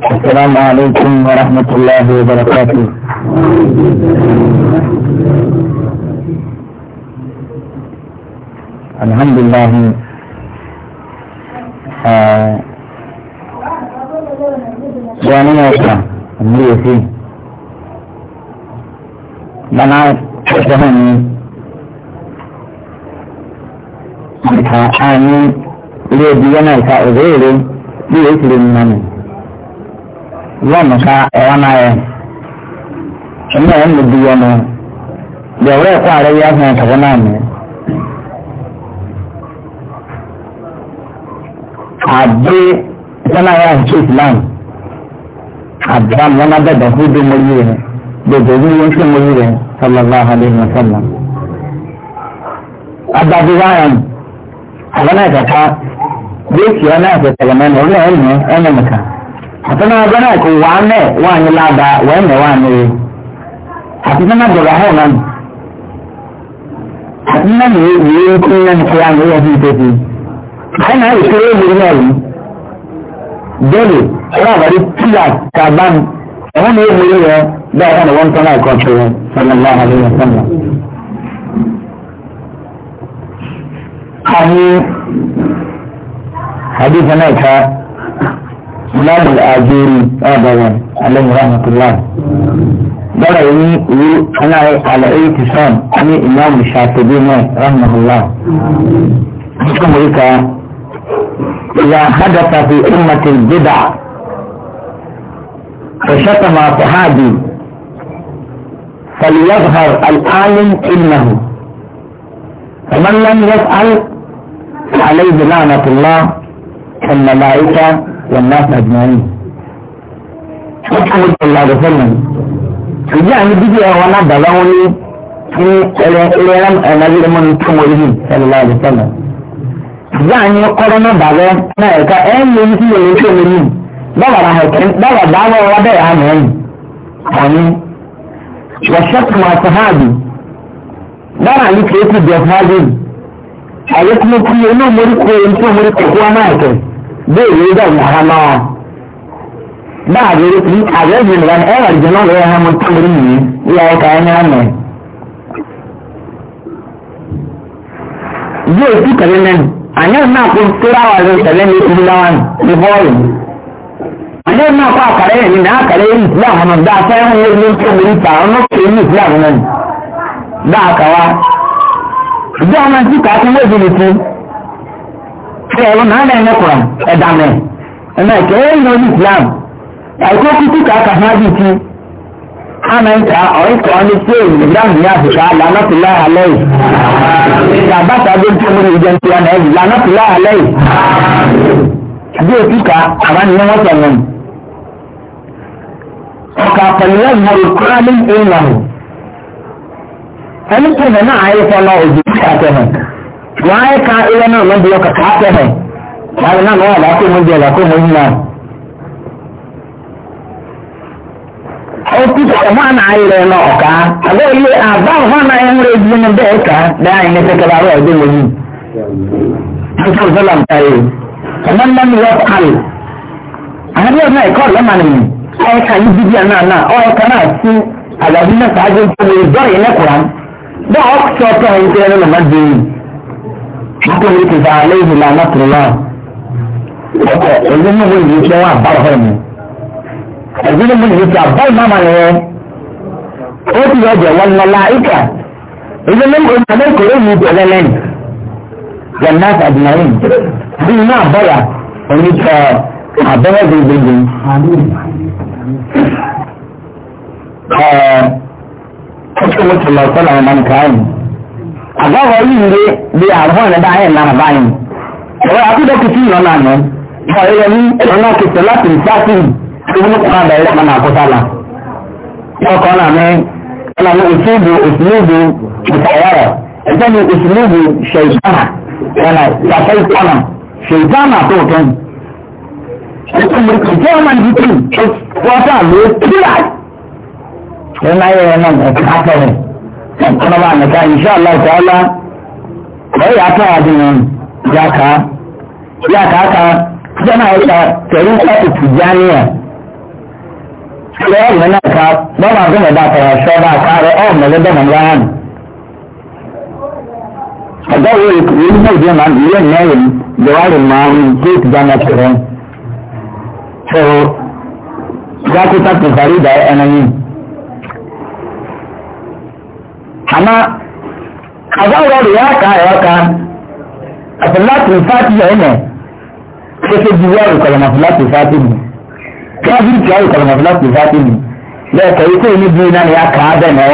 السلام عليكم ورحمة الله وبركاته الحمد لله سوانا نوكا النبي فيه بنا تفهمي ka ani lè bí yánà ìka òzèrè wọn ka ẹwà náà yẹ ẹnna ẹ na bi yẹ no deɛ wɔrɛ kɔ ara yi ahɛn tɔgɔ náà mi ade ɛsɛn a yɛ ahyɛ islam abraham wɔn abɛda ho bi mo yie bɛbɛ bi wɔn nso mo yie sallallahu alayhi wa sallam abadi wayan abana kaka bi esi ɔna ɛsɛ tɛgɛmɛ na ɔna ɛnyɛ ɛnyɛ mɛka àtọ́nà ọgbẹ́ náà kò wá mẹ́ wá ní lába wẹ́ẹ́ mẹ́ wá ní àti sọ́nà gbọ̀dọ̀ ni náà àti náà ní ìwé kí náà ní kíá ní ẹ̀sìn ìtòsí báyìí náà ìṣòro ìlú náà rí bẹ́ẹ̀lì ọ̀rọ̀ àbárí tíyà kàbán ẹ̀wọ́n ní ìwé rẹ̀ bẹ́ẹ̀ kan ní wọ́n tán láì kọ́ tó wọn sọ́nà láàrín àlẹ́ فلان الآجوري أبدا عليه رحمة الله بلا يمي أنا على أي تسان أنا إمام الشاطبين رحمه الله حكم ريكا إذا حدث في أمة البدع فشتم أصحابي فليظهر العالم إنه فمن لم يفعل عليه لعنة الله كالملائكة والناس أجمعين محمد صلى الله عليه وسلم ìdí àwọn bíbí ẹ̀ wọn nàbà láwọn ní ní ẹlẹ́rẹ́ ẹ̀nàlẹ́ mọ́ ní tó wọlé yìí sẹ́lẹ̀ láàrin sẹ́lẹ̀ ìdí àwọn kọ́rọ́ nàbà lẹ́ náà ẹ̀ka ẹ̀ ń lé ní sí ìlú tó lé yìí bọ́wọ̀ náà ẹ̀kẹ́ bọ́wọ̀ dáwọ́ ọ̀rọ̀ bẹ́ẹ̀ àmì ẹ̀yìn àmì wàṣẹ́kùn àtàhàbì bọ́wọ̀ àmì kìí ti bẹ̀ fáájú àlékún kúrò inú mórí béèrè ìgbà ìyàrá máa báàbí àgbẹ̀bí ìgbà ní ẹ̀rọ ìjọ náà lọ́wọ́ ẹ̀hán mọ́ tábìlì yìí ìyá ọkà ẹ̀yán àmọ́ bí òtún kẹlẹ mẹ́nu àyẹ̀wò náà kó tóra wà lọ kẹlẹ ní ìlú náà ní bọ́ọ̀lù àyẹ̀wò náà kó àkàrà yẹn ní náà àkàrà yẹn ìfúlà àwọn ọmọ dáa fẹ́ ń wọlé ní tóbi níta ọmọ kò ní ìfúlà àwọn ọmọ ṣe ẹ̀rọ náà náà ẹ̀mẹ́ kura ẹ̀dá mẹ́ ẹ̀mẹ́ ẹ̀kẹ́ ẹ̀yìn ní islam àìkó kúkú kàkà fún ábí ti àmẹ́ǹkà ọ̀ẹ́kọ̀ ọ́ni sí èyí ìdáhùn ní àfìkà lánàfìlà àlẹ́ yìí ìyàbátà dé tí mo rí ìjẹun ti ọ̀nà ẹ̀yìn lánàfìlà àlẹ́ yìí bí òkú ká àwọn ni wọ́n sọ wọn. ọ̀kà pẹ̀lú ẹ̀mọ̀rọ̀ kúrá ní ìlànà ẹni tó nà náà ayé fọlọ́ òjò wàá ka ilé náà lọ́dí ọkọ̀ ká tẹ̀lé láti náà wà láti mú jẹ láti mú yín náà. ó ti sọ̀rọ̀ wọn náà ayé rẹ̀ náà ọ̀ká àbẹ́ ilé àbá wọn náà ń rẹ̀ jí ní bẹ́ẹ̀ ká dáhà ní sẹ́kẹ̀rẹ̀ àrọ̀ ọ̀dọ́ wọn yìí. nípa ìfọlá ń tayé ọmọ náà ní wọ́n kàlù. àbẹ́ náà ẹ̀kọ́ lọ́mà nìyí ọ̀ẹ́ka yìí bíbí náà náà ọ̀ẹ́ka náà sí àgbàdì náà sáájú ìjọba ìjọ akéwìtì bá aléyìn lànà tó wà ọkọ ẹgbẹ́ mọ wọn yìí tí wọn àbáwọ ẹni ẹgbẹ́ mọ yìí tí àbáwọ máma yẹn ó ti yọ jẹ wọn lọlá ìkà ẹgbẹ́ mọ wọn àbẹ kòrò yìí tẹ́lẹ̀ lẹ́nu jẹnna àdìmọyìn bí iná àbọyà òní tẹ àbẹwẹ gbẹgbẹgbẹ ẹ ọkọ wọn ti lọ sọlá ọmọ nǹkan yìí. àgbàwọ̀ yìí lé àrùn ẹ̀dá ayẹ̀ náà báyìí ọ̀rọ̀ àkúdọ̀kìtì ìlọ náà nù ìfọ̀ ẹ̀yẹ ní ẹ̀rọ kìtọ̀ láti ìfásì ìfún kan bẹ̀rẹ̀ kan náà kọ́tà là ọkọ̀ náà ní ọ̀nà ní òṣèlú òṣèlú ìfàyàrọ̀ ẹ̀jẹ̀ ní òṣèlú ṣèjánà ẹ̀nà ìfàfẹ́ ṣèjánà tó ní wọ́n ọlọ́ba àmẹ́ta ìṣàlá ìtàlá lọ́yà àtàwádìí ni yàkà yàkà ká jẹ́nà ọ̀ṣà tẹ̀lé ìṣàkùtù jáníà lọ́yà ìmẹ́nà ká bọ́ọ̀mà tó mẹ́ta tẹ̀lé ṣọ́ọ́dà ká rẹ̀ ọ́ mẹ́lẹ́dẹ́ mọ̀lá hàn. ọ̀gá wo ìkùrù ní ìdíyẹ máa ń bí yẹn mẹ́rin jọ̀wárì máa ń gbé ìtìjáná tẹ̀lé. ṣòro jákútà tẹ̀fàrí amma a zaura da ya ka ya ka a salatin fatiha yana ko sai jiya da kalma salatin fatiha ka bi jiya da kalma salatin fatiha da kai ko ni bi na ya ka da ne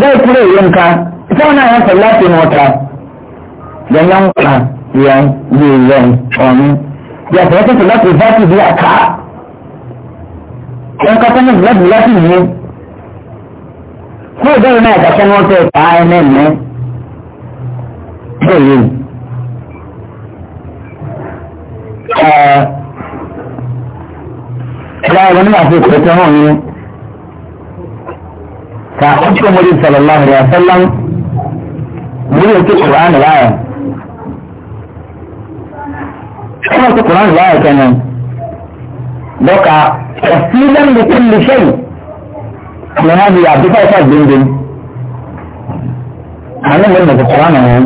da kure yanka ita wannan ya salatin wata da yanka yan yi yan on ya ta salatin fatiha ka kan ka ní ìbéèrè náà ìdájọ́ ni wọ́n fẹ́ pa ẹni ẹ̀mí lóye. Ẹ̀rọ ẹ̀rọ nígbà tí ìpè tó hàn yín ka ọjọ́ mọ́lì sallallahu alaihi wasallam ní òkè Kùránì láàyè. Ṣé wọ́n ti Kùránì láàyè kẹ́nu? Lọ́ka, ọ̀sìn lẹ́nu kúlù ṣẹ́yìn ni wọ́n fi àdúgbò ẹ̀fà gbẹ̀ngẹ̀ àwọn ọmọ ìmọ̀ kòkòrò àná wọn.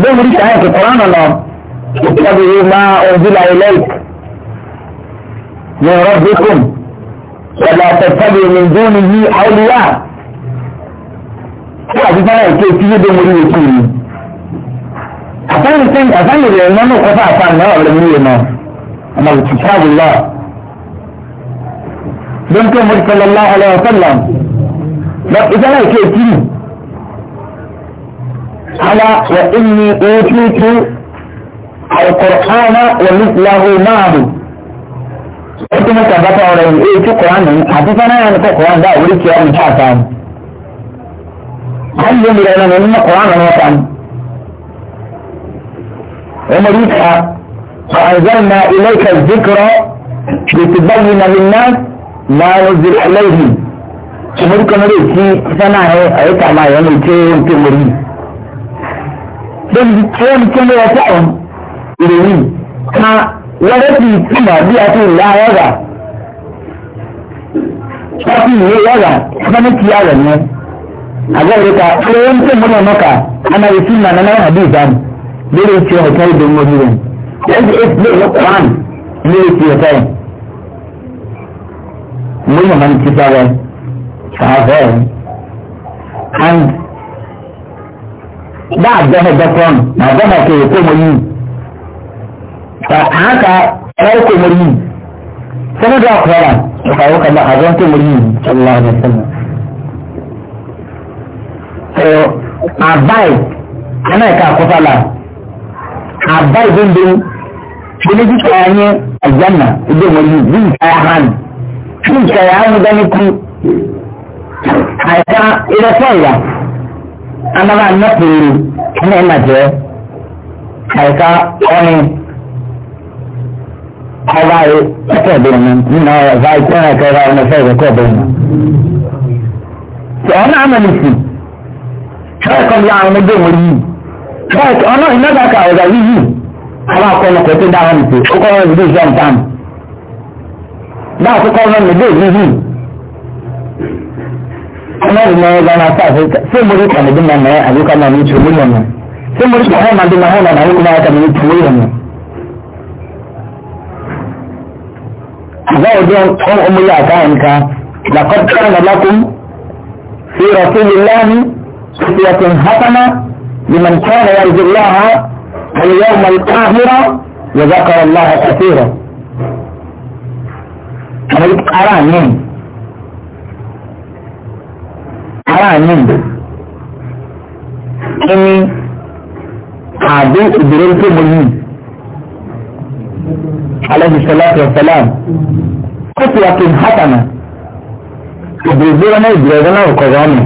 bẹ́ẹ̀ mo rí sàáyà kòkòrò àná lọ ìtọ́jú yìí máa ojú la ilé ní ọ̀rọ̀ bíkùn ọ̀dà tẹ̀tẹ̀bì ní dúnì yìí àwùjọ. kí àdúgbò náà ké tí yóò dé mo rí ètò yìí. àtàlù sẹ́yìn àtàlù rẹ̀ náà ọ̀rẹ́ don kan wani sallallahu alaihi wasallam ba ita na ke kiri ala wa inni utitu alqur'ana wa mithlahu ma'ahu sai kuma tabbata wa rayin eh ci qur'anin a ta sana yana ko qur'an da wuri ciya mun ta ta hal yin da nan mun qur'an ne ta umarika fa anzalna ilayka adh-dhikra لتبين للناس láàrín òbí ẹlẹ́yìn ṣùgbọ́n kan lè fi sánà ẹ àyíká máa yẹn lè tẹ́ ohun tó mọ̀ yìí. lórí ohun tó lọ́wọ́ sáwọn ìròyìn ká wọ́n ti túmọ̀ bí a ti ìlà ọ̀rà ṣáàpì ìwé ọ̀rà sọ́mẹ́tì ààrẹ yẹn. àgọ́ ìrẹ́ka ohun tó mọ̀ náà nọ́ka anáyé sí màná náà àbí ìbámu lórí ti ọ̀tá ìdòmọ̀ yìí rẹ̀. lórí ti ọ̀tá ìdòmọ̀ yìí rẹ̀ mo yàn máa ń ti sára kàáfẹ́ and bá àgbẹ̀mọ̀ dọ́kọ̀ọ́n nà àgbẹ̀mọ̀ kò èkó mo yìí kà á ka ẹ̀rọ kò mo yìí sẹ́ni dọ́ àkọ́ra ìfà ó kàdá àgbẹ̀mọ̀ kò mo yìí sọlá ọ̀dọ̀ sẹ́ni. ẹ̀rọ àbáyé ẹ̀nà ẹ̀ka àkọ́sálà àbáyé gbẹ̀ngbẹ̀ gbẹ̀ngbẹ̀ kíkà ẹ̀yẹ àjẹ́nà ẹgbẹ́ mo yìí bí ìka ẹ̀ hàn kanka ya mu gani ku àìsàn ìrẹsẹ̀ ìyá anára nẹ́pìlì ní ìmàjẹ́ àìsàn ọ̀rin ọba yìí ẹ̀kọ́ ìbẹ̀rẹ̀ mi nínú ọ̀rọ̀ bá ìtọ́ ẹ̀kọ́ ìrọ̀ ọ̀rọ̀ ẹ̀fẹ́ ìrẹ̀kọ́ ìbẹ̀rẹ̀ mi. ọ̀nà àmàlìsì ṣọ́ọ̀kọ́ bí àwọn ọmọdé wọn yìí ṣọ́ọ̀kọ́ ọ̀nà ìnáda ọ̀gá yìí àwọn akọ̀ọ̀nà kò tó dáhùn nìkú ó kọ́ بعض قوما مدير مدين أنا لما أنا أستعرف سين مريكا مدين ما نعيه أليو كان مدين شمولي أنا سين مريكا هاي مدين ما هاي نعيه كما أتا مدين شمولي أنا زاو ديان قوم أمي يا كائن كا لقد كان لكم في رسول الله سفية حسنة لمن كان يرجو الله اليوم القاهرة وذكر الله كثيرا ara yẹn ara yẹn ẹni àbí ìbẹ̀rẹ̀ tó mọ yìí alẹ́bíṣẹ́láṣẹ́ ọ̀sẹ̀láàm ó ti wá kí n hátànà ìbẹ̀rẹ̀ ìbẹ̀rẹ̀ náà ìbẹ̀rẹ̀ náà ọ̀kọ̀ rọ̀ ọ̀nà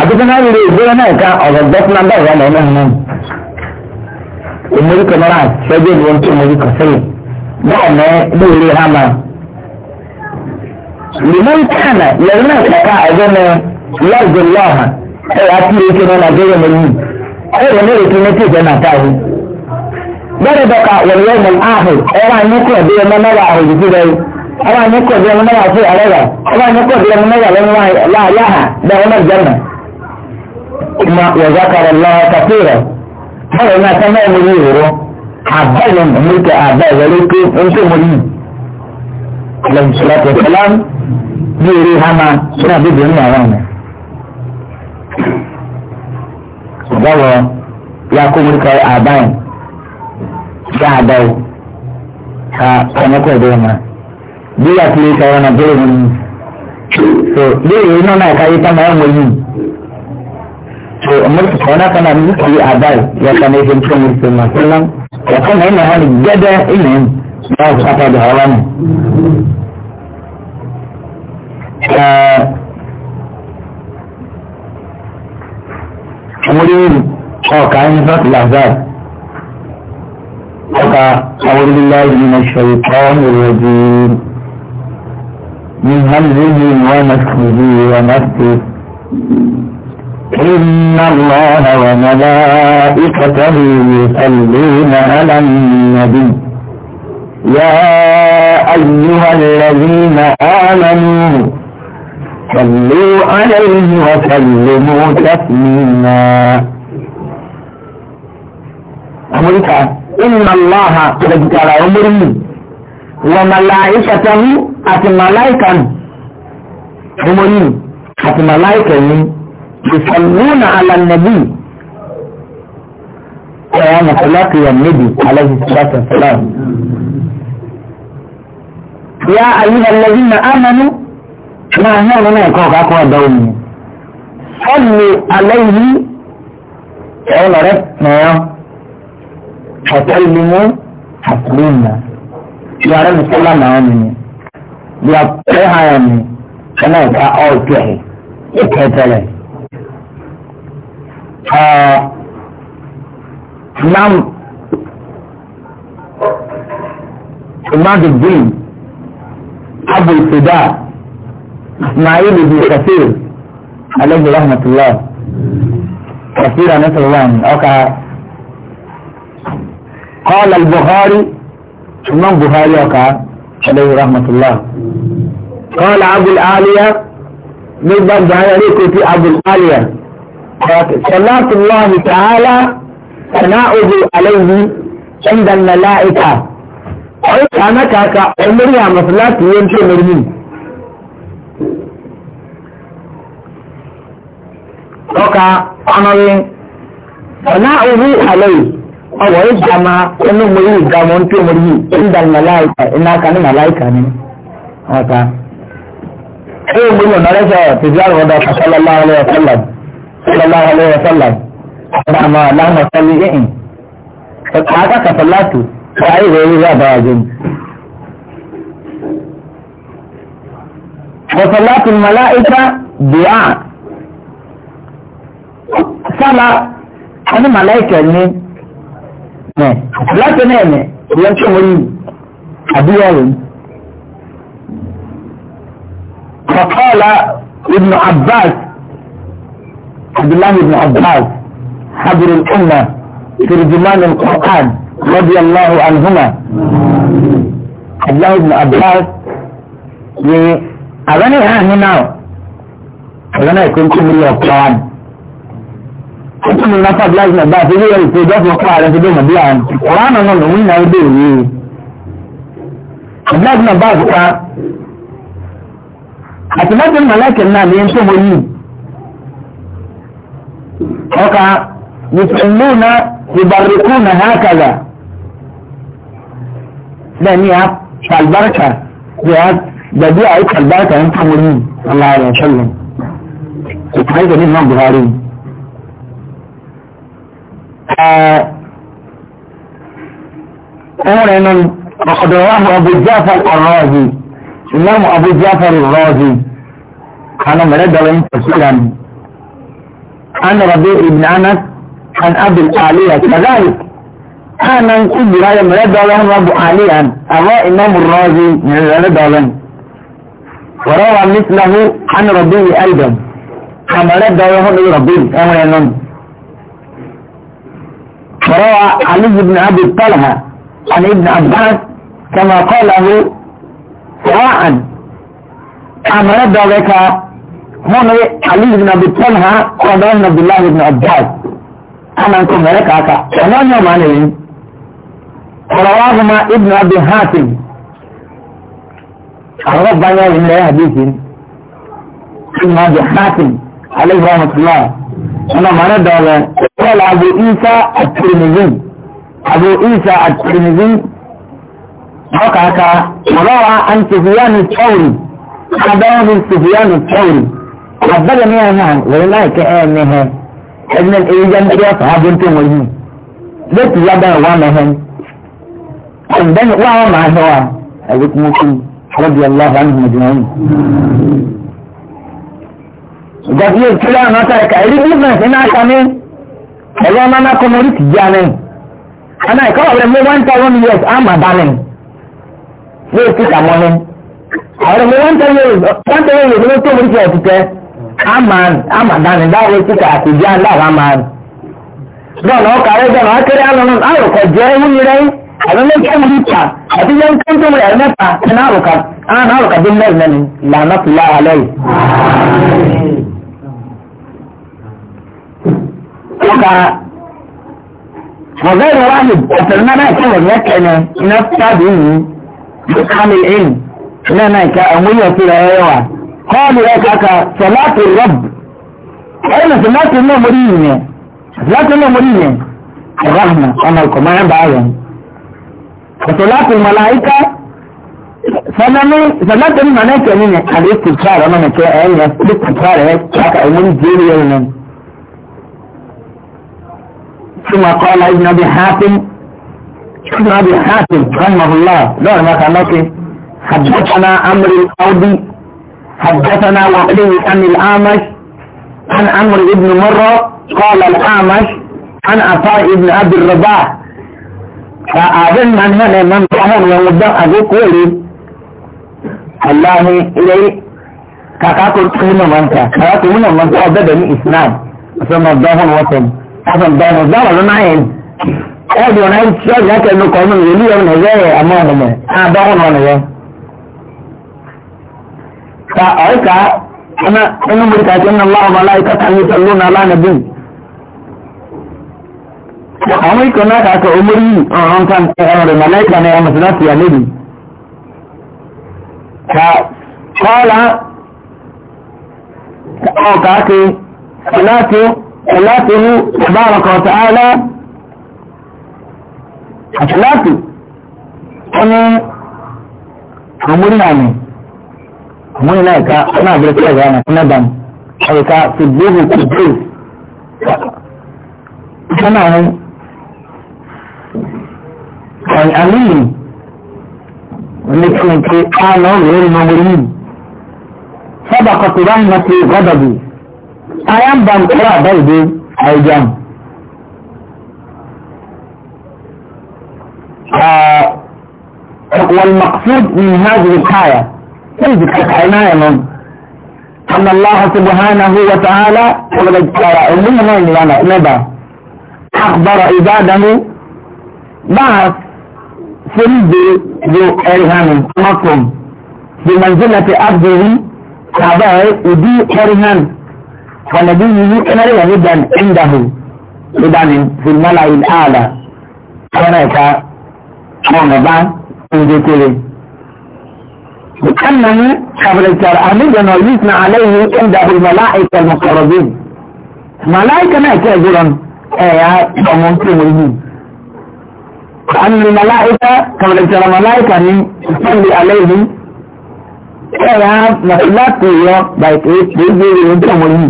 àdúgbò náà lè ìbẹ̀rẹ̀ náà ká ọ̀rọ̀ gbọ́sùnà bá ìwà lọ́nà náà òmùrí kan náà ṣẹ́jú ìbọn tó mọ̀ kọ̀ sẹ́yìn báwọn náà lè rí hàmà. لمن كان يرنا كفاء جنة يرجو الله أي أتي كنا نجري مني أي نجري كنا تجنا تاهي ضربك واليوم الآخر أرى نكو بي من نرى أهل جدي أرى نكو بي من نرى في أرى أرى نكو بي من نرى لا لها دعونا الجنة ثم وذكر الله كثيرا هذا ما سمع مريره عبدا ملك عبدا ولكن انتم مريره alaihi salatu wa salam bí eré hama suna bíbí nínú àwọn ọ̀nà. Ọ̀gáwọ̀ ya kó mú ká àbáyìn ṣá àbáyò ká ọmọkọ̀ ẹ̀dọ́ ọ̀nà. Bí wà kí lè ka ọ̀nà bẹ́ẹ̀ ni. So bí eré náà náà ká yí tá máa ń wọ̀nyí. So ọmọkọ̀ ọ̀nà kan náà ní kí àbáyò yẹ ká ní ẹgbẹ́ tó ń wọ́n ṣe máa ṣe náà. ẹ̀ náà wọ́n gẹ́gẹ́ ìnáyìn. ba su kafa da hawa ne wurin ọ̀ka ẹni sọ́tù lazar ọ̀ka àwọn ilẹ̀ na ṣẹ̀rìkọ́ ìrọ̀jì ní hamzihi wọn na ṣùgbọ́n wọn na ṣe إن الله وملائكته يصلون على النبي يا أيها الذين آمنوا صلوا عليه وسلموا تسليما أمريكا إن الله قد على عمري وملائكته أتملائكا عمري أتملائكا يصلون على النبي قيام صلاة النبي عليه الصلاة والسلام ya ayyuhal ladina amanu na hàn nínú ẹ̀kọ́ ọ̀kákọ́ ọ̀dọ́ omi fọ́lù aláìní ẹ̀rọ rẹ̀ nàá ọ̀tẹ́lùmọ́ àtúrùmọ́ yàrá mi sọ́lá náà mi ni bí a pẹ́ ha yà mi ẹ̀nà ẹ̀ka ọ̀tẹ́ Nam Imadu Bin أبو الفداء إسماعيل بن كثير عليه رحمة الله كثيرا نسأل الله أوكا قال البخاري من بخاري أوكا عليه رحمة الله قال أبو العالية من بعد ذلك في أبو العالية صلاة الله تعالى ثناؤه عليه عند الملائكة ọ̀rẹ́ta na kaka ẹ̀mẹ́rì àmàfẹ́ láti yẹn tí ẹ̀mẹ́rì nìyí. ọkà ọ̀nàrin ọ̀nà òwú àlẹ́yìn ọwọ́ ìjàmà ẹnu mọ̀rí ìgbàmọ̀ tí ó mọ̀rí ìdá màláìkà iná aka ní màláìkà ní ọ̀tá. ẹ ò gbọ́dọ̀ náà lẹ́sẹ̀ tìjú àrùn ọ̀dọ̀ ọ̀tá sọ́lọ́lá ọlẹ́yọ sọ́lọ́m sọ́lọ́lá ọlẹ́yọ sọ́lọ́m ọ̀dà àmọ́ aláhùn wàá ìwé orí bàbá àjò ni. Wọ̀sọ̀láàtì màláìka dùá sábà ọdún màláìka ní ẹ̀ láti náà ní ìyẹn tí wọ́n yìí àbúyọ̀rọ̀ ni. فقال ابن عباس عبد الله بن عباس حبر الأمة ترجمان القرآن رضي الله عنهما عبد الله بن عباس ni agane ha ni nao agane kun kun ni qur'an kun na fa blaz na ba fi yi ko da ko qur'an da ma bilan qur'an no no ni na de ni blaz na ba ka atmadin malakin na ne to mo ni oka yusalluna yubarrikuna hakaza دنيا فالبركة قياد دبيع ايك البركة انت مولين الله عليه وسلم اتحيك دين نوم بغارين امر انن مخدوان ابو جافر الرازي امام ابو جافر الرازي كان مرد وين تسيرا انا ربيع ابن عنس عن ابو الاعلية كذلك ana nkúbi ayé mẹrẹ dọlẹ ń wá bu àlíyàn àbọ ìnáwó rọọzi mẹrẹ dọlẹ ń wọrọ wa mísìláhù anọrọbí yìí ẹlẹdọm àmẹrẹ dọlẹ hún rọbí ẹwọn e ẹnọ wọrọ wa aliyu bin abu talha ani ibn abbas kama kọlahu sawa'an àmẹrẹ dọlẹ ka hún aliyu bin abu talha kọdọ ibn abdullahi ibn abbas ana nkú mẹrẹ kàkà ẹnọ ní ọmọ àná yìí. رواهما ابن أبي حاتم ربنا إلا حديث ابن أبي حاتم عليه رحمة الله أنا ما ندعو قال أبو إيسى الترمذي أبو إيسى الترمذي وقعك وروى عن سفيان الثوري حدث من سفيان الثوري حدثني أنا ولا كأنها ابن الإيجان يصحى بنت مجنون ليس يدعو ومهن ndani wao maahewa alikumuku radiyallahu anhu majmain gabiye kila nata ka iri business ina kame ẹgbẹ́ máa ná kọmọrí ti jẹ́ àná àná ẹ̀ka ọ̀rẹ́ mi one thousand years á máa bá mi ní èsì kàmọ́ ni ọ̀rẹ́ mi one thousand years one thousand years ní tó mọ̀rí ti ọ̀tí á máa dá mi dáwọ́ èsì kà kò àná àwọn máa. bọ́ọ̀lù ọkọ̀ ayé abin kan rita abin yankan da mai arnata ta naruka ana naruka bin nan nan lanatu la alai ka وغير واحد قتلنا ما كان ولكن نفسه به بكامل العلم لا ما كان فيها ايوه قال لك صلاة الرب اين صلاة الله مرينة صلاة الله مرينة الرحمة انا القمان بعين فصلات الملائكة صلات ثم قال ابن ابي حاتم ابن ابي حاتم رحمه الله دور ما كان حدثنا امر الاودي حدثنا وقلي عن الامش عن امر بن مرة قال الامش عن عطاء بن ابي الرباح ka abin man hana man fahon yan wudan a zai kore wallahi ilai kaka ko kuma manta kaka ko muna manta abda da ni islam musamman dahon watan asan dahon dahon zama yin ẹ̀dùn ọ̀nà ìṣọ́ ìyáka ẹnu kan nínú ìlú ọ̀nà ẹ̀yẹ àmọ́ ọ̀nà mẹ́ àbáwọn ọ̀nà yẹn. ka ọ̀ẹ́ka ẹnu mọ̀ríkà tí ń nà láwọn ọmọ aláìkọ́ta ní ìtọ́lú náà lánàá àwọn ikọ̀ náà kàkọ̀ omori ọ̀rọ̀ nǹkan ẹ̀rọ mọ̀lẹ́kà ní ọmọ sinọ́tì àlébì ka kọ́ọ̀lá ọ̀kàkì ṣìláàtì ṣìláàtì hù ìbárọ̀kọ̀ tààlá ṣìláàtì ọ̀nà omori àmì omori náà ka ọ̀nà àbẹ̀rẹ̀ tẹ́lẹ̀ ọ̀nà kúnẹ́bàm ọ̀rẹ̀ka fìdíhù kìdíhù ìṣẹ́ náà الأمين في كان غير المغرمين سبقت رحمتي غضبي أيام بانقراء بيدي أيجام آه والمقصود من هذه الحياة تجد حماية من أن الله سبحانه وتعالى قد ترى إنه ما ينبع أخبر عباده بعث فلدي ذو أرهان مقم بمنزلة عبده كعبه ودي أرهان ونبيه كمر يهدا عنده إذن في الملأ الأعلى هناك مغبا وذكره لأنني قبل الترأمي نوليتنا عليه عنده الملائكة المقربين ملائكة ما يتأذرون ايه ممكن ويجيب أن الملائكة كما لو ترى ملائكة من يصلي عليهم ẹ̀yà láti yọ bàìkì gbégbére ní tí wọ́n yìí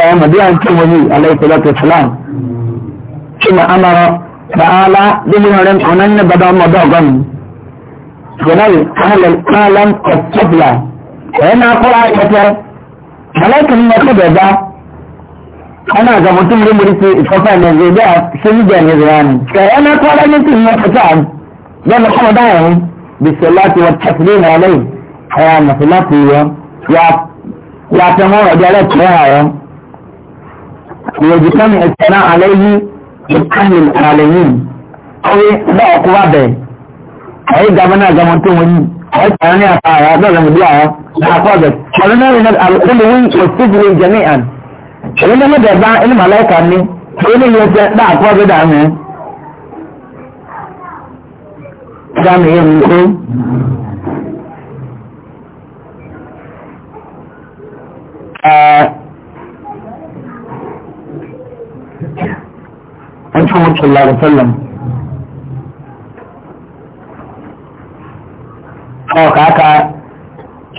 ẹ̀yà mọ̀díyà tí wọ́n yìí aláìsọ̀lọ́tò islam tí ma a mọ̀rọ̀ bàálá nínú rẹ̀ ọ̀nà ní bàbá ana ga mutum rumuri ce kafa ne zai da sun da ne zirani kai ana kwara ne tun na fata dan kuma da yin bisalati wa taslim alai haya na salati ya ya ta mawa da Allah ta haya ya ji kan sana alaihi dukkanin alamin ai da kuwa da ai ga mana ga mutum wani ai tsare ne a fara da zamu biya na kwa da kwanan ne na al'ulun wa sijrin jami'an èyí ni mọ̀jẹ̀ bá ẹni màláìka ní èyí ni yẹ jẹ́ náà kọ́ bí dàmí. dàmí yẹn ń kó. Ẹ̀ẹ́dẹ́gbẹ̀rún sallallahu alaihi wasallam. Ọ̀ kàákà,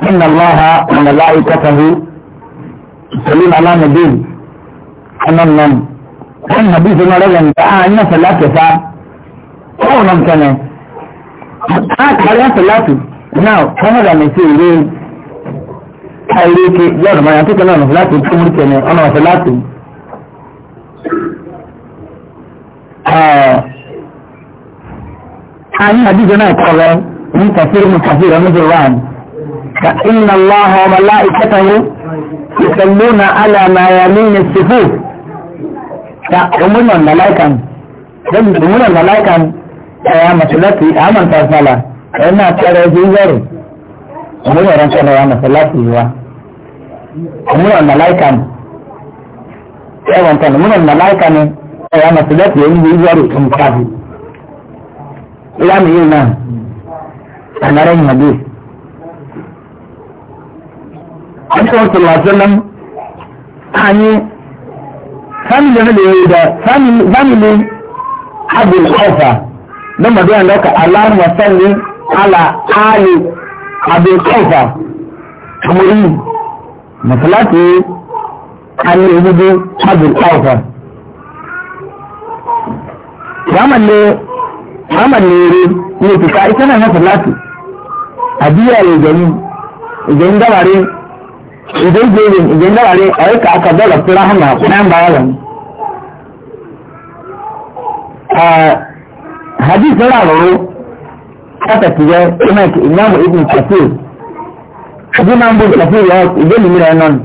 inna Allah wa malaikatahu salim alamuddin anan nan wani hadisi na ragan da a yi salatu fa kowanan ta ne a kariya salatu na kama da mai ce ne kaire ke yau da mai yantuka na salatu ta mulke ne ana salatu a yi hadisi na kawai mun tafiyar mun tafiyar mun zurwani فإن الله وملائكته يصلون على ما يلين السفوف يأمرنا الملائكة يأمرنا الملائكة يا مسلتي أمن تصلى إنها ترى جيزر أمرنا رسول يا مسلتي أمرنا الملائكة yawan ta numunan malaika ne a ya masu da fiye yi zuwa rukun kafi ila mu yi nan a naran hadis Alaihi wasallam hani family ne da yayi da family Abul Khawfa dan madan da ka Allah wa salli ala ali Abul Khawfa kamuri masalati an yi hudu Abul Khawfa yamalle yamalle ne ne tuka ita na masalati abiya ne gani idan gabare idan jerin idan a yi ka aka dala fura hama kudan bayan a hadis na rararo aka tiye ina ki imamu ibn kafir ma mbun kafir ya idan limira nan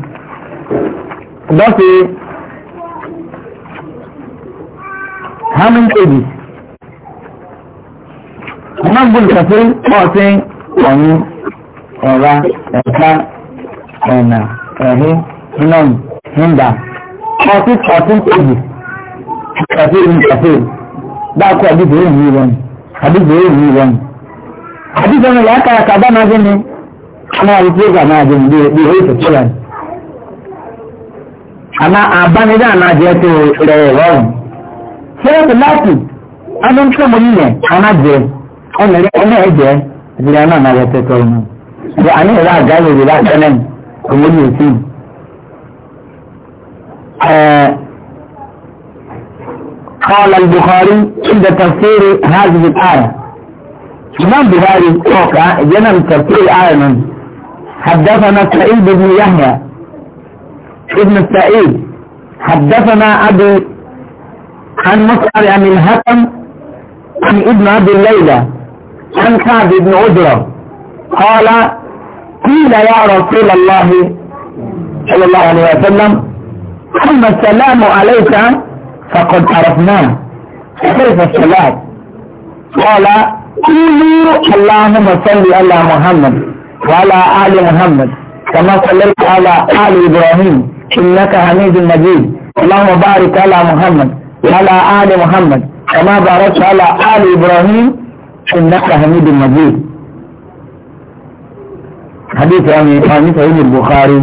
da su hamin kebi imam bin kafir kawai wani ọ̀rá ẹ̀ka ẹ̀nà ẹ̀hín nọ́ọ̀nù nígbà ọtí ọtún tóbi kàfé ní kàfé dákú àdìgbò èyí wọn àdìgbò èyí wọn àdìgbò ní làákàrà kàbá máa gbé ni àwọn àlùfóògà máa gbé ni bí bí èyí tó tó rẹ̀ àmà àbánidá ànájẹ tó rẹ̀ rọrùn fẹ́rẹ́tì láti adúntúmù nílẹ̀ anájẹ ọ̀nà ẹ̀jẹ̀ ìdílé náà náà yẹ tẹ́tọ́ ọ̀nà ìgbà àní ìlà àgáyé ìlà àgbẹ̀lẹ́nu. يتيم آه، قال البخاري عند تفسير هذه الآية إمام البخاري توقع جنب تفسير الآية من حدثنا سعيد بن يحيى ابن سعيد حدثنا أبي عن مصعب عن الهتم عن ابن أبي الليلة عن كعب بن عجرة قال قيل يا رسول الله صلى الله عليه وسلم أما السلام عليك فقد عرفناه كيف الصلاة قال قولوا اللهم صل على محمد وعلى آل محمد كما صليت على آل إبراهيم إنك حميد مجيد اللهم بارك على محمد وعلى آل محمد كما باركت على آل إبراهيم إنك حميد مجيد hadith ya mai fani sahih bukhari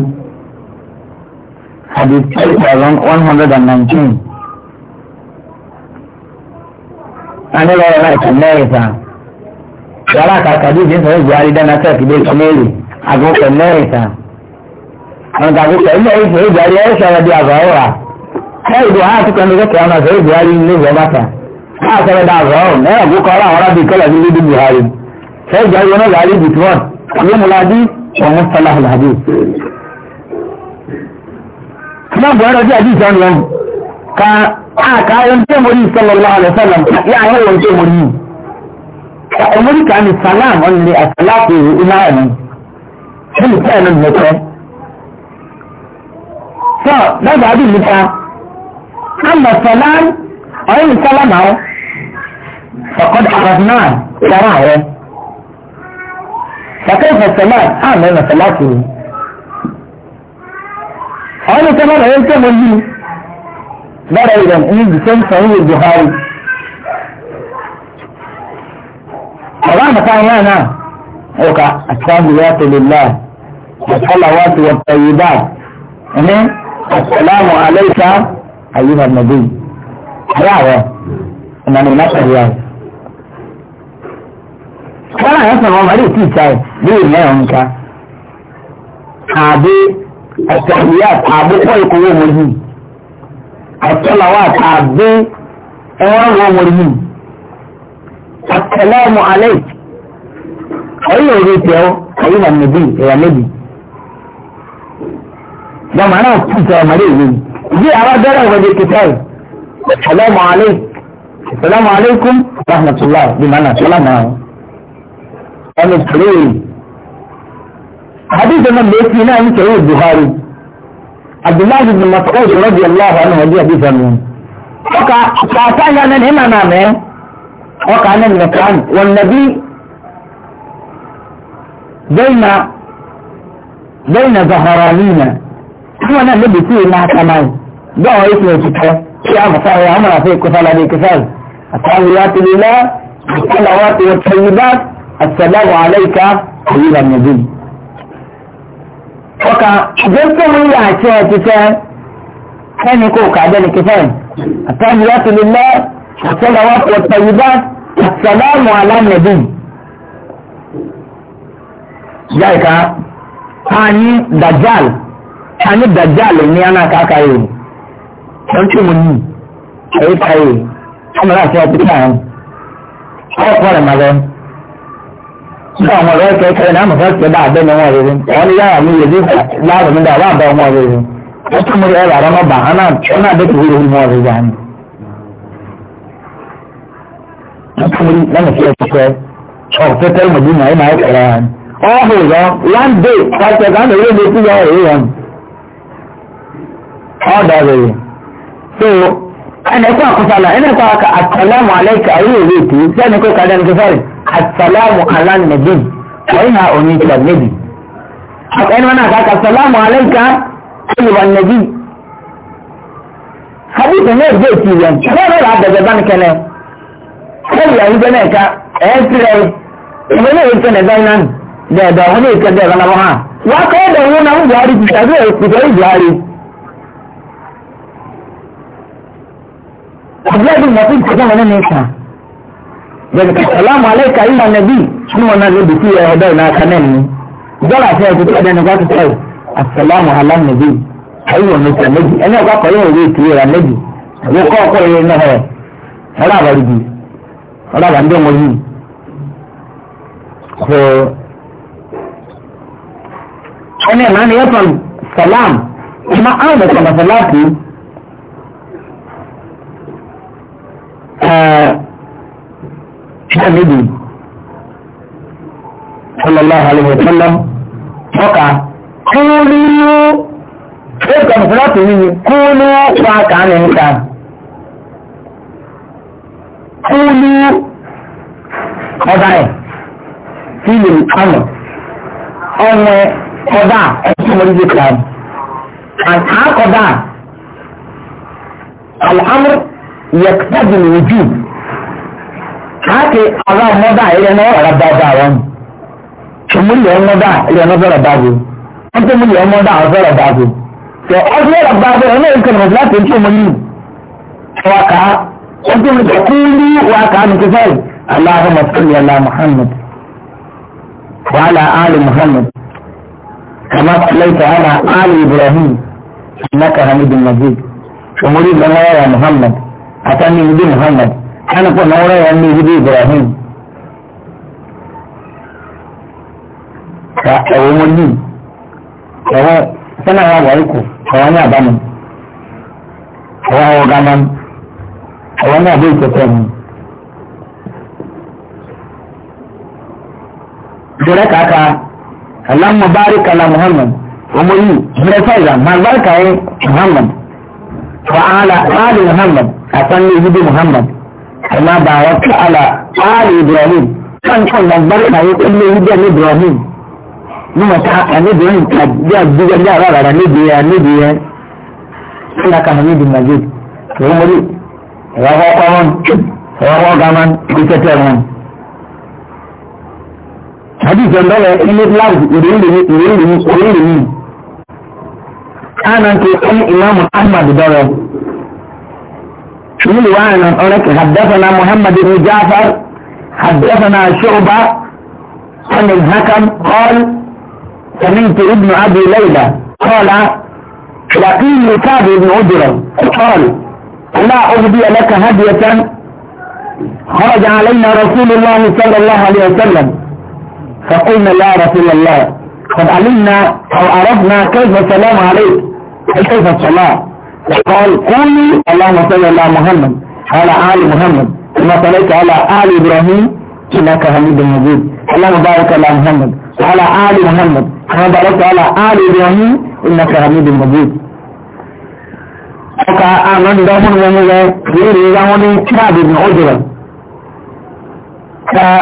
hadith 1119 ani lọ́wọ́ náà ti mẹ́rin sa yàrá kàkà bí ìdí sọ̀rọ̀ buhari dáná sẹ́ẹ̀kì bí ìkọ́mẹ́rì àgùnkọ̀ mẹ́rin sa àwọn àgùnkọ̀ ilé ayé sọ̀rọ̀ buhari ẹ̀ sọ̀rọ̀ di àgbàwọ̀ra sẹ́yìn bí wàá tukọ̀ ní kẹ́kẹ́ ọ̀nà sọ̀rọ̀ buhari ní ìwé bàtà wàá sọ̀rọ̀ di àgbàwọ̀ mẹ́rin àgùnkọ̀ ọ̀rọ̀ àwọn arábì kọ́lá ní lídìí buhari قيم الحديث ومصطلح الحديث ما بقول دي حديث عن يوم كا كا يوم تيموري صلى الله عليه وسلم يا هو يوم تيموري كأموري كان السلام أن لي أسلاك إلهي شنو كان المكان فما بعد المكان أما السلام أي سلام فقد عرفناه شرائع فكيف الصلاة انا صلاته انا كمان يلتم لي ما أيضا إن بسم صحيح البخاري طبعا كان أنا أوكا التحيات لله والصلوات والطيبات السلام عليك أيها النبي يا أنا من مصر يا kọ́lá yẹn sọ̀rọ̀ wọn lè tíì sáyẹ̀ bí ìmẹ́rọ ń ká àbí ẹ̀tẹ̀yà àbí pọ̀ ìkọwọ́ wọn yìí àtọ́làwà àbí ẹwọ́n wọn wọn yìí àtẹ̀lẹ́mù alẹ́ ẹ̀yìn òwe tẹ̀ ọ́ ẹ̀yìn nà níbí ẹ̀yà méjì gbọmọ náà tíì sọ̀rọ̀ mọ́lẹ́ ìwé bí àwọn bẹ́rẹ̀ ìwọ́de kìtẹ́ ẹ̀tẹ̀lẹ́mù alẹ́ assalamu alaikum rahmatullahi bí màá nà sọ́lá náà. أنا الكريم حديث من بيتنا أن كريم البخاري عبد الله بن مسعود رضي الله عنه هدي حديثا منه وقع فأتاني أنا الهمة نامه وقع أنا المكان والنبي بين بين ظهرانينا هو أنا اللي بيكون مع كمان ده هو اسمه كده يا مساء يا عمر فيك كفالة دي كفالة التحيات لله الصلوات والطيبات السلام عليك أيها النبي وكا جنتم إلى عشاء كفان كان يكون كعدان كفان التحيات لله والصلوات والطيبات السلام على النبي ذلك أني دجال أني دجال إني أنا كاكاي كنت مني أي كاي أنا لا أشاهد كفان أو قرم nígbà àwọn ọ̀rẹ́ kẹ́kẹ́ náà mọ̀ fẹ́ẹ́ bá abẹ́ náà rere wọ́n ní yàrá mi yèdè láàrú mi dàbá àbá wọn rere ó tún mú ẹ̀rọ àrọ́ náà bà á náà tí ó náà dé kúrò ní wọn rere àná. wọ́n tún mú lẹ́nu sí ẹ̀kẹ́ ọ̀fẹ́fẹ́ mọ̀dúnmá ẹ̀ máa kẹ̀rẹ́ wọn. ọ̀hún lọ one day pàṣẹ kan lè wéde sí yọ ọ̀rẹ́ wọn. ọ̀dà rere ana kwa kusala ina kwa ka assalamu alayka ayu witi sai ko kadan ke fare assalamu ala nabi wai na oni ta nabi akai mana ka assalamu alayka ayu wan nabi hadith ne je ti yan ko ra da ga kene ko ya yi ne ka eh tire ne yin ne dan da da wani ka da na wa wa ka da wani mu buhari ti da ku da buhari abdullahi na fi kọjá wọn ní ìsàn jẹ́nìkà salamu alayka ila nabi sínú wọn náà ló dùkú yẹ ọ̀dọ́ ìlà kanáà ni ìjọba àti ẹ̀kú tó ẹ̀dẹ́nu wá ti tẹ̀lé asalamu nabi ayíwọ̀n mi sàn méjì ẹni ọ̀gá kọ̀ yóò wé ìtúwé ra méjì àwọn kọ́ ọkọ̀ yẹn náà rẹ̀ ọ̀rọ̀ àbárí bi ọ̀rọ̀ àbá ndé wọn yìí kò ẹni ẹ̀ ṣẹ́gbẹ̀dì sallallahu alaihi wasallam ṣọ́ka kúrú ẹ̀kọ̀ mùsùlọ́pù yìí kúrú pàákà ní ìta kúrú ọ̀dá ẹ̀ sílè ọ̀nà ọmọ ọ̀dá ẹ̀sùn orí jẹ́ kìlá àkọ́dá alhamdu yẹ̀kítàdì ní ojú káàkì ara ọmọdá ilẹ̀ náà ọ̀rọ̀ bàbá wọn ṣùgbọ́n ọmọdá ilẹ̀ náà fẹ́rẹ̀ bàbá wọn tó mú ilẹ̀ ọmọdá àwọn fẹ́rẹ̀ bàbá tẹ ọdún ọ̀rọ̀ bàbá wọn náà kẹrìnà láti ojú ọmọ yìí wà ká wọ́n tó mú ilẹ̀ kúlú wà ká ní kíkẹ́ aláhùn mọ̀sálì alá muhammad wàhálà ali muhammad kàmá lẹ́tà ala ali àtàní ibi muhammad ẹni pọ̀ náà wọ́n yẹn ní ibi ibrahim ka ẹ̀wọ̀ wọn yìí ẹ̀wọ̀ sẹ́nà wà wọ̀ ẹ̀kọ́ ẹ̀wọ̀ ní àbámu ẹ̀wọ̀ àwọ̀ gánam ẹ̀wọ̀ ní àbẹ̀ ìtẹ̀tẹ̀ mu. Jẹ́rẹ́ kàkà alámọ̀ bá rí muhammad ọmọ yìí jẹ́rẹ́ fàyà màá bá rí muhammad. وعلى آل محمد أصلي بدي محمد كما باركت على آل إبراهيم كان كان مبارك يقول لي بدي إبراهيم نما تا أنا إبراهيم كجا بيجا جا را را نبي نبي أنا كهني دي مجيد ومري وهو قوان وهو قمان بكتيرون حديث عندنا إن الله يريد يريد يريد كان كان إمام أحمد دره شو وانا أقولك حدثنا محمد بن جعفر حدثنا شعبة عن الحكم قال سمعت ابن أبي ليلى قال لقيل كعب بن عجرة قال لا أهدي لك هدية خرج علينا رسول الله صلى الله عليه وسلم فقلنا يا رسول الله قد علمنا أو عرفنا كيف السلام عليك كيف الصلاة قال قولي اللهم صل على محمد على آل محمد كما صليت على آل إبراهيم إنك حميد مجيد اللهم بارك على محمد وعلى آل محمد كما باركت على آل إبراهيم إنك حميد مجيد ọkà àmọ́dọ́mọ́ ni wọ́n mú lọ lórí ìyáwó ní káàdì ní ọjọ́ rẹ̀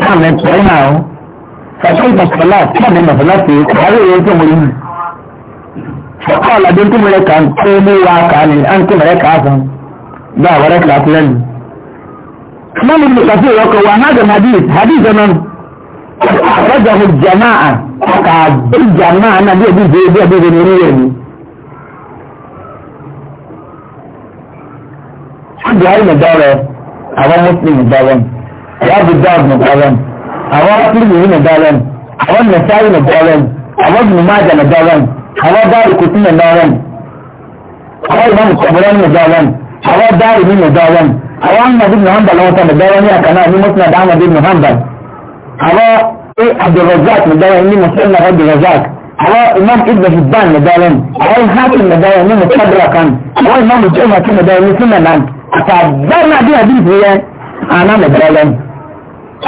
táwọn ẹ̀tọ́ ẹ̀ náà fàtí ìtàkọ́lá táwọn ẹ̀ nàfọ́lá pé àárẹ̀ ìwé tó mọ̀lẹ́ yìí. Fọ́kọ́ ọ̀làdé tó mọ̀lẹ́ kà ń tó mú wa kà ní à ń tó mọ̀lẹ́ kà á fún bá àwọn ẹ̀kọ́ láti lẹ́nu. Mọ́mí mi kà sí ìrọ́kọ̀ wa Hadam Hadith Hadith ọ̀nà àkọ́jọ̀hù jamaa kà bí àwọn Mùsùlùmí dọ́rọ̀ mi? yàbí dọ́ọ̀bù nìgbàlẹ́n àwọn kílìmù nìgbàlẹ́n àwọn nìsáyì nìgbàlẹ́n àwọn gbùmájà nìgbàlẹ́n àwọn dáàrí kùtù nìgbàlẹ́n àwọn ìmọ̀mù kọ̀bùrẹ́ nìgbàlẹ́n àwọn dáàrí ní nìgbàlẹ́n àwọn ahmadu bin hanbal wọn tán nìgbàlẹ́n ní àkànná ní mọ́tún àdá ahmadu bin hanbal àwọn abdulrazak nìgbàlẹ́n ní musulman abdulrazak àwọn imam ibn hibban nìgbàlẹ́n àwọn hakim nìgbàlẹ́n ní musadrakan àwọn imam jomati nìgbàlẹ́n ní sunanan àtàgbọ́n náà bí àdìsí àná nìgbàlẹ́n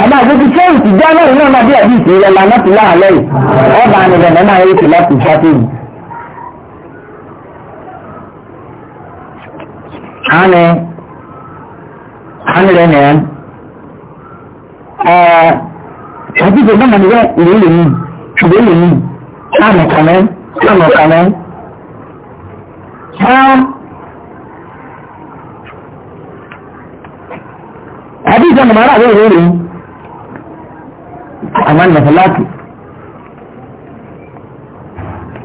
àmọ́ àgbẹ̀bí sẹ́yìn ti já lẹ́yìn náà máa àbí ìpínlẹ̀ lànà ti láàlẹ́ yìí ọba ànìyàn náà máa yẹ kí láti ṣàtìyìn. Ani ani rẹ nìyẹn àti ìgbà bá màdìyẹ ìlú lè mú ṣùgbọ́n lè mú sáàmù kàmẹ́ sáàmù kàmẹ́ àti ìgbà màdìyẹ ìlú lè mú àmọ́ nà fọláàtì.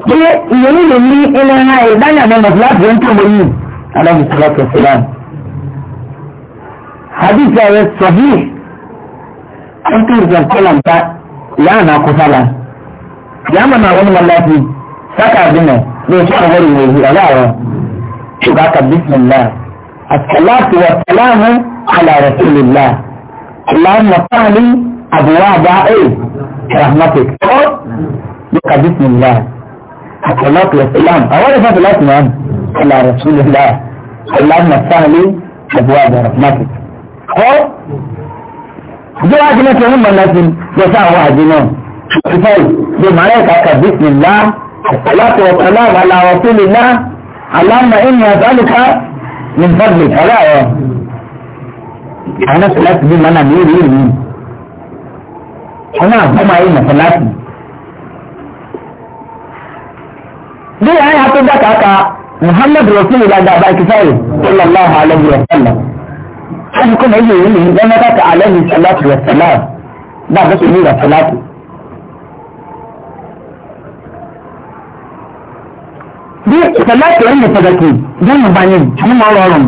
Ṣé ìyẹn nílò ní ilé ńlá ìdáná ní nà fọláàtì ń tó lóyún? Aláàbò sọláàtì ọ̀sẹ̀láàmù. Hadith ayẹ sọ̀hí ọ̀tún ìjọ kọ́làǹtà yàrá nà kọ́sálà. Yàrá nà wọ́n mọ̀ láti sákà dínà ní ìṣẹ́ àwọn ìwòye aláàrọ̀. Ṣùgbọ́n àkàbí sọ̀lá. Àtàlá ti wà sàlámù àlàrẹ̀ sílẹ̀ lá. Àlàmọ̀ fáàlì àbúwáàbá ẹ̀ rahmatik ọ́ lóka bísmìlá àtàlọ́tù ẹ̀sìlám àwọn ẹ̀fọ́ àtàlọ́tù náà ọ̀là rasulilá ọ̀làmà sáàlì àbúwáàbá rahmatik ọ́ jẹ́ wá sí mẹ́tẹ̀ẹ́ ní mọ̀lẹ́sìn yẹsẹ̀ àwọn àjẹ náà ìfẹ́ ìdè màlẹ́kà kà bísmìlá àtàlọ́tù ẹ̀sìlám àlà rasulilá àlàmà ẹ̀yìn àtàlùkà ní fọ́ọ̀lì ọ̀rẹ́ àwọn àwọn ẹ̀sìlám àwọn àbọ̀mọ̀ ayé nàfẹ́ láti. bí àyà tó dákàá ka muhammed rasulillah dàbà ìkísáyè sallallahu alayhi wa sallam láti kọ́ náà yìí ní lọ́nà kàkà alayhi salatu wa salam dàbà tó ní ìrọ̀sẹ̀ láti. bí ìsẹ̀láti ẹ̀ ń lè pàtàkì bẹ́ẹ̀ ni báyìí àmì máa rọrùn.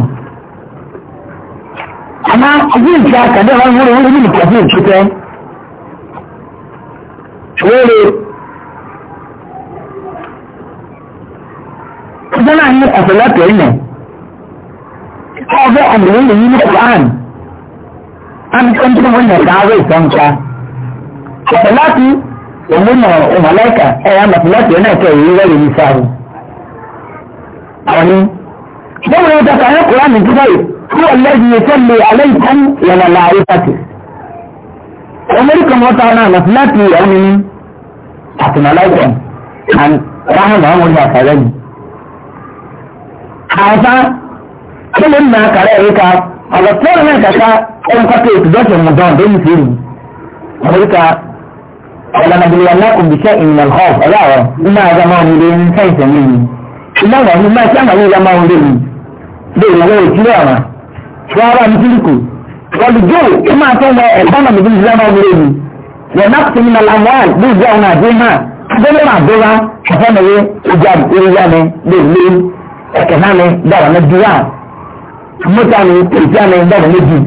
àmọ́ ọdún ìjà kàdé wọn wúlò wúlò nínú kàdé ìtúkẹ́ ṣòro ọjọ́ náà ní ọ̀pọ̀lọpọ̀ ilẹ̀ ọjọ́ ọ̀gbìn lè yí ní Quran amíkọ́ntínú wọn yẹn káwé ìtọ́nká ọ̀pọ̀lọpọ̀ òmùnà ọmọlẹ́kà ẹ̀yà mọ̀pọ̀lọpọ̀ náà kẹ́ ìrírí rẹ̀ yìí sáré àwọn ní bọ́ọ̀lù ìtọ́ka ní Quran ti báyìí kí wọ́n lẹ́yìn ìtọ́lẹ̀ alẹ́ ìtàn yẹn lọ́la àríkàtì ọmọdé kan I can allow them. And Rahman Mahmoud has already. However, kílùm náà kàrẹ́ ìka ọ̀rọ̀ tó rẹ̀ kàkà ẹn kọ́tà ìtìjọ́sẹ̀ mọ̀dán lórí ìfìrì. Amẹ́ríkà ọ̀làmàdìlẹ̀ alákùn bí sẹ́ ìnà ọ̀f ọ̀láwọ̀ nínú àgbà máa ń lè ní sáyẹ̀sẹ̀ mi ni. Iná wà ní máa sábà ní ìyá máa ń lè ní. Bẹ́ẹ̀ ni wọ́n ti rí àmà. Wọ́n á bá mi kíríkù. Wọ́n ti jó ìmáa wọ̀nàkùn ní alamọ́ọ̀l ní ìjọ àwọn àdéhà abẹ́lẹ́ máa bẹ́ra ẹ̀fọ́nàwé ìjà ìrìyà ni lèlé ẹ̀kẹ́ náà ni dára ní dúrà mọ́tà ni ìjà ni dára ní jù.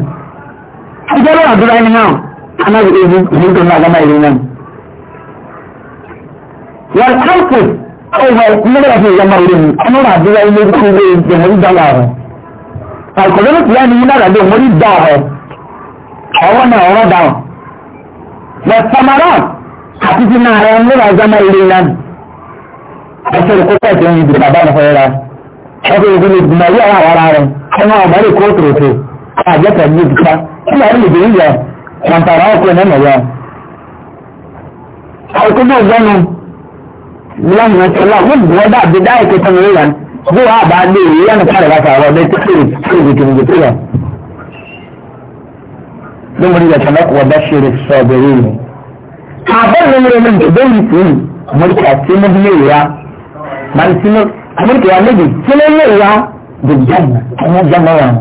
abẹ́lẹ́ máa bẹ́ra ẹni náà anáwó ewu ìlú tó náà lámà ìlú náà. wọ́n káàpù ọ̀hún nígbà tí ìjọba ìlú mi ọmọ máa bẹ́ra ilé tó ń lé ìjọba ìjọba rẹ̀. àkọ́lẹ́ wọ samara àti ti náà ẹ̀ ń lọ́wọ́ àzámà ilé náà. ẹsẹ̀ rẹ̀ kókó ẹ̀sẹ̀ yìí bàbá mi fẹ́ ra ẹsẹ̀ rẹ̀ kókó ìgbìmọ̀ yìí àwọn ara rẹ̀ ẹ̀wọ̀n ọ̀gbọ́n rẹ̀ kó tòótò àjẹtẹ̀ ní ìdíkà kí wàá lè dèrí yẹ kàǹtàrà ọkùnrin náà nọ̀yà. àìkúndé ọgbẹ́nu lẹ́nu ẹ̀sọ́lá wọ́n bù ọ́ dàbí dáìkẹ́ tán lóyà bí wàá bá dé ìyá nìkan rẹ̀ bá sàrọ̀ ọ̀dẹ́ tí kò lórí ìyàtọ̀ náà wọ́n bá ṣe rẹ̀ sọ ọ̀bẹ̀rẹ̀ rẹ̀. àbọ̀nù mi rẹ̀ ní ìbéyìí tó yìí amúríkà tí mo lè ra màá tí mo amúríkà yà méjì tí mo lè ra the jam ọmọ jam ọ̀rọ̀ àwọn.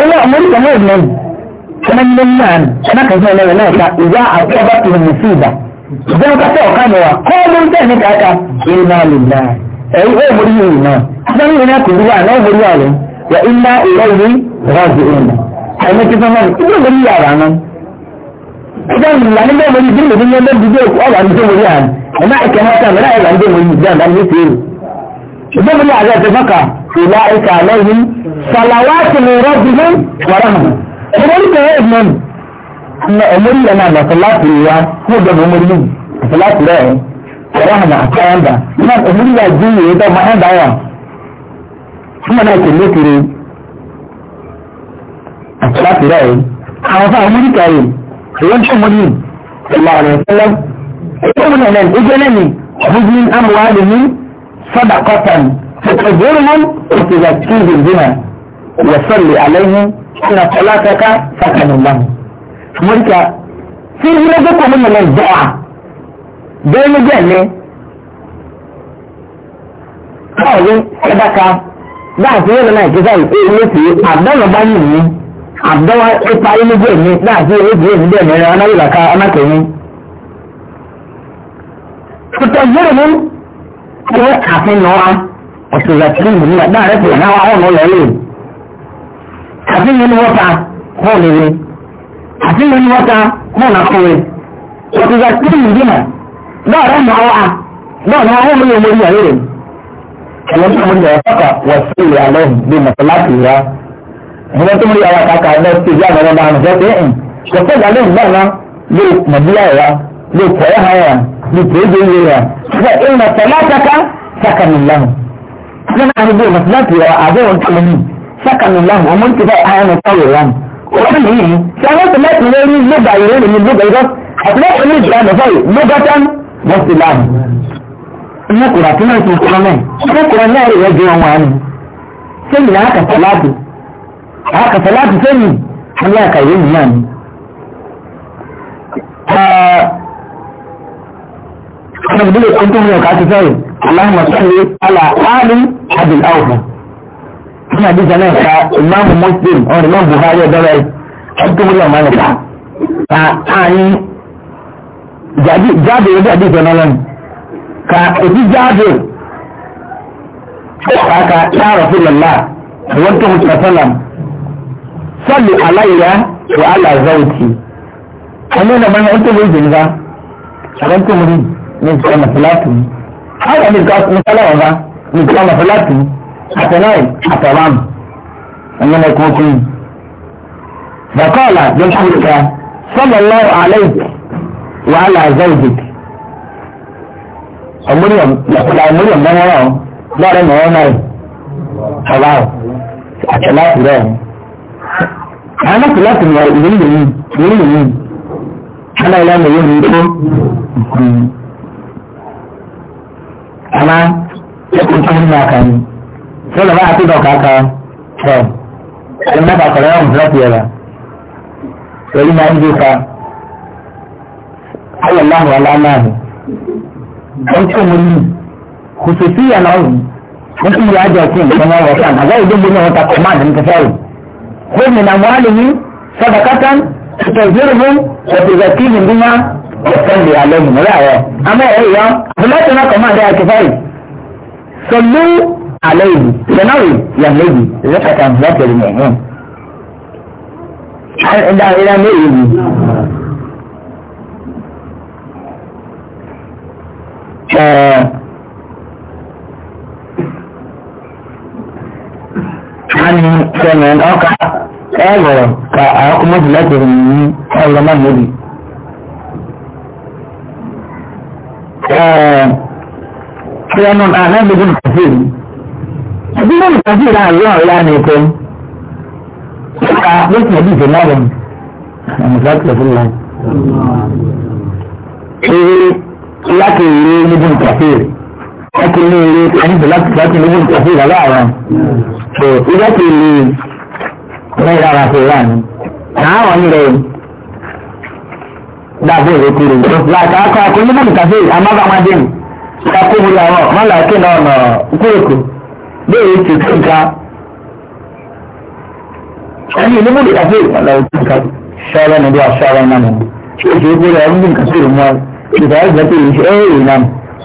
ọlọ́ amúríkà náà lọ ọmọ ní náà ọmọ kẹsàn-án lọ́wọ́ náà ká ìyá àkọ́bá tó lè sí ìgbà. ìjọba kásá ọ̀ká mi wà kọ́ ló ń tẹ̀lé káàkà iná lè dá ẹ̀yìn ó mórí yìí náà. adánwó náà kò rí wa náà mórí wa ẹ̀mí ti sọ́mọ́ rẹ̀ kí ló lórí yàrá náà ẹjọ́ ìlà nígbà lórí bí lòdì ní ọdún dídé òkú ọ̀rọ̀ àdúgbò lórí àná ẹ̀má ẹ̀kẹ́ wọn sàn mẹ́rà ẹ̀rọ àdúgbò lórí ìjà ìdáni ètò èrò ṣùgbọ́n lórí àjọ ìtẹ̀fọ́kà ìlà ẹ̀ka lẹ́yìn sàlàwátì ní rọ́bì ní wàràmù ẹ̀mọ́rí kẹrẹ́ ìgbọ́n ẹ̀mọ́rí yẹn náà lọ́sọ̀láàtì rẹ̀ wá ní ìjọba ẹ̀mọ́rí yìí lọ́sọ̀láàtì rẹ̀ wàràmù àkàyàndà náà ẹ̀mọ́rí yà àti láti rẹ̀ yìí àwọn fún àwọn oníkà yìí èyí tó mú ní ìlà rẹ̀ tẹ́lẹ̀ èyí tó mú nàlẹ́ ojú ẹlẹ́ni ọ̀gbìn amúhàlì ní sọ́dà kọ́tàn tẹ̀sẹ̀gbọ́n wọn òkèèrè tí ìgbìmọ̀ wọ̀sọ̀lẹ̀ àlẹ́yìn ọ̀nà tọ́látẹ́ká sàkànnìlànà. Mọ̀ríkà tí ìrẹ́gbẹ́ kò mú nàlẹ́ jọ́ à bẹ́ẹ̀ ló jẹ́ ní káwé ẹ̀dáka dáàtí ìrẹ́lẹ́ náà ìkẹ́sà ìpè ìlú ètò àdánù àdánwà ipa inú díẹ̀ ní láti owó díẹ̀ ní díẹ̀ mẹ́rin anáwìlàká anákẹ̀yìn. Kùtà ìgbèrè mú ẹgbẹ́ àfihàn wa ọ̀sẹ̀ ìgbàtírí ìlú nígbà dáàrẹ́ pè náà àwọn ọ̀nà lọ́lẹ̀. Àfihàn ní wọ́ta hàn lére. Àfihàn ní wọ́ta hàn àkọwé. Ọ̀sẹ̀ ìgbàtírí ìlú náà dáàrẹ́ mọ́ wa náà ni àwọn olóyè mọ́ ìyàwó rẹ̀. Ẹlẹ́sìn mọ́ ìyàwó ẹ̀rọ tó ń rí àwọn àkàkà hmm, ẹ̀rọ tó ìyá àwọn ọba àmì sọ́kẹ́ ẹ̀ sọ́kẹ́ ìdálẹ́ ìgbà náà yóò mọ̀bíyà ẹ̀yà yóò kọ̀ ẹ̀ hàn yà yóò tó ìdè ìwé yà ṣùgbọ́n ìrìnà tọ́lá saka saka nìláhùn nínú àwọn ibi ìmọ̀síláàtì rẹ̀ àbẹ̀wọ̀n tó lónìí saka nìláhùn ọmọ nípa àwọn ọ̀tá rẹ̀ rán òun nìyí ṣé àwọn tó mẹ́tì lórí lóba ìrẹ́ nìyí lóba ìrọ́ àti lọ́sọ̀ ní ìgbà náà sọ́yì lóbátán mọ́síláàmù ìmọ̀kùnrin àti náà ti kọ́ náà ìmọ̀kùnrin náà rẹ̀ yẹ jẹun wọn ni ṣé ìyá àkàtà láàbù haka salatu sani an ya kai yin nan ah, ana bude kuntun yau ka tsare Allahumma salli ala ali abul awfa ina bi zanan ka imamu muslim or imam buhari da rai kuntun yau malaka ta ani jadi jadi da bi zanan ka ibi jadi ka ka ya rasulullah wa antum sallu alayya wa ala zauti wannan da bana wata bai jin ba ran ko muri ne ko na salatu haka ne ka kuma salawa ba ne ko na salatu atanai ataram wannan ne ko kun da kala don haka sallallahu alayhi wa ala zaujik amuriyam ya kula amuriyam ban wara ba ana kula kun ya idan da ni idan da ni ana ila mai yin ko amma ya kun kan na kan sai da ba a ci dauka ka to in na ba karawa mu zafi yara sai na yi ka ayi Allah wa lana ne dan ko mun khususiyan au mun ya ja kin kana wa kan ga idan mun wata kuma dan ka sai خذ من أموالهم صدقة تطهرهم وتزكيهم بها وتصلي عليهم لا يا أما هي فلا تنقى ما لها كفاية صلوا عليه سنوي يا نبي زكاة ذات المؤمن إلى إلى نبي آه ani sẹmẹ ọkà ẹgbọrọ ka àkọmọdù láti rìn ní ọ̀rọ̀ máa níbi. ẹnu ànágbègbè nìkàfíìrì ìdílé nìkàfíìrì àlọ́ ọ̀rẹ́ àná ẹ̀kọ́ ọkà lóṣù ẹ̀dí ìfẹ́ rẹ̀ láti ní eré àníbò láti láti ní ìgbà fún ìrọ̀lẹ́ àwọn so ìgbà tó lè mẹ́rin ara fún ìrọ̀ àná náà wọ́n rẹ̀ dàbí èrè kúrò láti akọ akọ ní bọ́ọ̀lù kàfé amábàmádé mi kakó mu yàrá mọ́là kí ni ọ̀nà kúròkù bẹ́ẹ̀ ti tún ká ẹni ní bọ́ọ̀lù kàfé mọ́là òtún ká ṣọ́ọ́rọ́ níbi àṣọ àwọn ọmọ mi ṣé ìṣègùn rẹ̀ ọ̀rùn bí nǹkan sí ìrùmọ́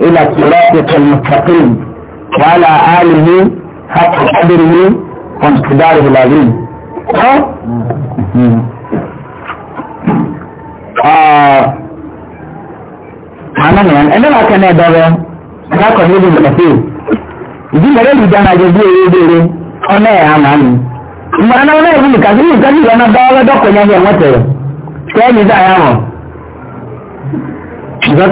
إلى صراطك المستقيم وعلى آله حق قدره وانقداره العظيم Àná ni ẹni máa kẹ́ náà dọ́rọ̀ lákọ̀ọ́ níbi ìgbàfẹ́ o. Ìdílé rẹ̀ lùdá náà jẹ́ bí èrè bèrè ọ̀nà ẹ̀ àmà mi. Ìmọ̀ ẹ̀nà ọ̀nà ìlú nìkan sí nìkan sí ìlànà dọ́rọ̀ dọ́kọ̀ yẹn ní ẹ̀wọ̀n tẹ̀rẹ̀. Ṣé ẹni dáa yà wọ̀? Ìjọ́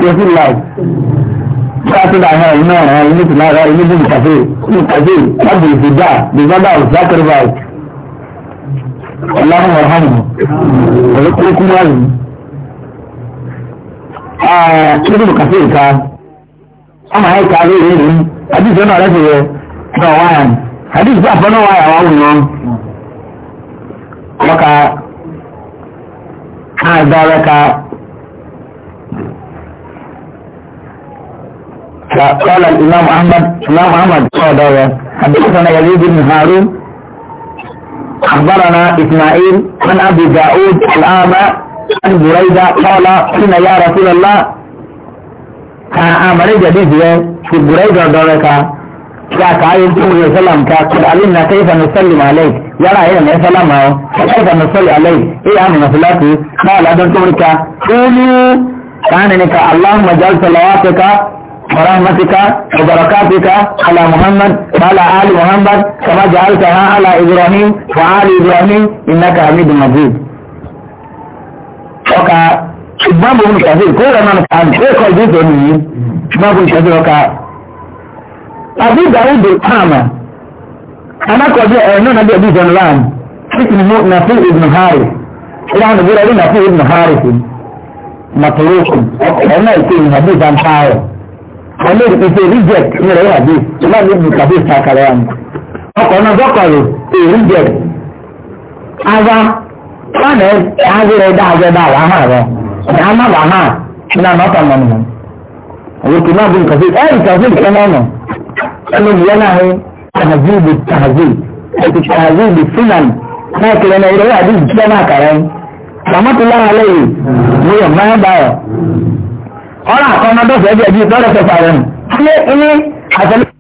sáàtìlá ha iná ọ̀rọ̀ ilé tí lára ilé bí kàfé ní kàfé lábì ìfìdá bìbádà ọ̀sákẹ́rẹ́bà ọ̀làhùn ọ̀hánù ọ̀lẹ́kúnlẹ́kún wáyé. ilé bí kàfé ìka ọmọ ayé ká lóore rí àdìsí ọ̀nà rẹ̀ fìyẹ náà wáyà àdìsí àfọ́nà wáyà wà wù yàn. wọ́n ka àgbà rẹ̀ ka. قال الإمام أحمد الإمام أحمد قال حدثنا يزيد بن هارون أخبرنا إسماعيل عن أبي داود الأعمى عن بريدة قال قلنا يا رسول الله أعمل جديد في بريدة دورك كاك عين صلى الله عليه وسلم كاك علمنا كيف نسلم عليك يا رأينا يا سلام كيف نصلي عليه إيه عم نصلاتي قال أدن تمرك قولوا كان نكا اللهم جل صلواتك ورحمتك وبركاتك على محمد وعلى آل محمد كما جعلتها على إبراهيم وآل إبراهيم إنك حميد مجيد ọkà ṣùgbọ́n bò ń ṣàfihàn kó rẹ̀ máa kàn kó kọ́ ìdí ìtọ́ nìyí ṣùgbọ́n bò ń ṣàfihàn ọkà àbí dàrúdò kàmà anákọ̀ọ́dé ẹ̀rọ náà nàbí ẹ̀bí ìtọ́nù láàmù fífi mú nàfi ìbùnú hárì ìlànà ìbúra rí nàfi ìbùnú hárì fún màtòlókùn ọkọ̀ ẹ̀rọ náà ìkéyìn nàbí ìtọ́nù hárì ọ̀lẹ́ ìpèsè reject ní rẹ̀ wà ìlànà ìbùdó tàbí ìsàkàrẹ̀ àmì ọkọ̀ náà dọ́kọ̀rọ̀ tó reject ara wọn ẹ̀ azẹ́rẹ̀ dá azẹ́dá àwọn ní àmà bà ní àmà ọ̀tà mọ̀ nìyẹn òwò tó náà bí náà ẹnu ìyẹn náà finan náà kiri náà ìrẹ̀wé náà kàrẹ́ ọ̀rọ̀ àkọ́nà tó fẹ́ jẹ́ bí tọ́lẹ̀ tó fà rẹ̀ nù.